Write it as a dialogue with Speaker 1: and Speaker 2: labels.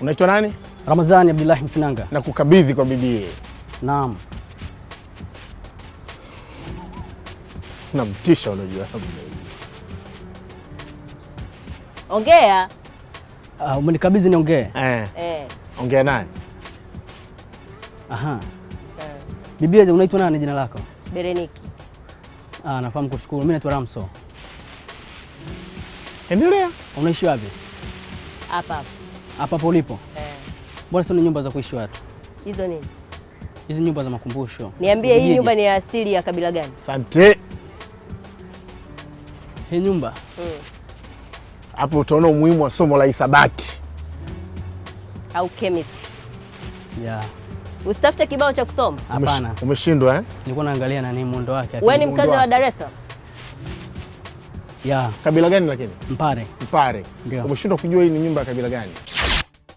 Speaker 1: Unaitwa nani?
Speaker 2: Ramadhani Abdullahi Mfinanga.
Speaker 1: Na kukabidhi kwa bibiye. Naam. Na mtisha unajua.
Speaker 3: Ongea.
Speaker 2: Uh, umenikabidhi niongee?
Speaker 1: Eh. Eh. Ongea nani?
Speaker 2: Aha. Eh. Bibiye, unaitwa nani jina lako? Bereniki. Ah, nafahamu kushukuru. Mimi naitwa Ramso. Endelea. Unaishi wapi? Hapa hapa hapa ulipo eh? Mbona sio nyumba za kuishi watu hizo nini? Hizi nyumba za makumbusho.
Speaker 3: Niambie, hii nyumba ni ya asili ya kabila gani?
Speaker 1: Asante.
Speaker 2: Hii nyumba
Speaker 3: hmm.
Speaker 1: hapo hmm. Utaona umuhimu wa somo la hisabati
Speaker 3: au chemistry. Yeah. Usitafute kibao cha kusoma.
Speaker 2: Hapana.
Speaker 1: Umeshindwa eh?
Speaker 2: Nilikuwa naangalia nani muundo wake.
Speaker 3: Wewe ni mkazi wa Dar es Salaam?
Speaker 2: Yeah.
Speaker 1: Kabila gani lakini? Mpare. Mpare. Umeshindwa kujua hii ni nyumba ya kabila gani?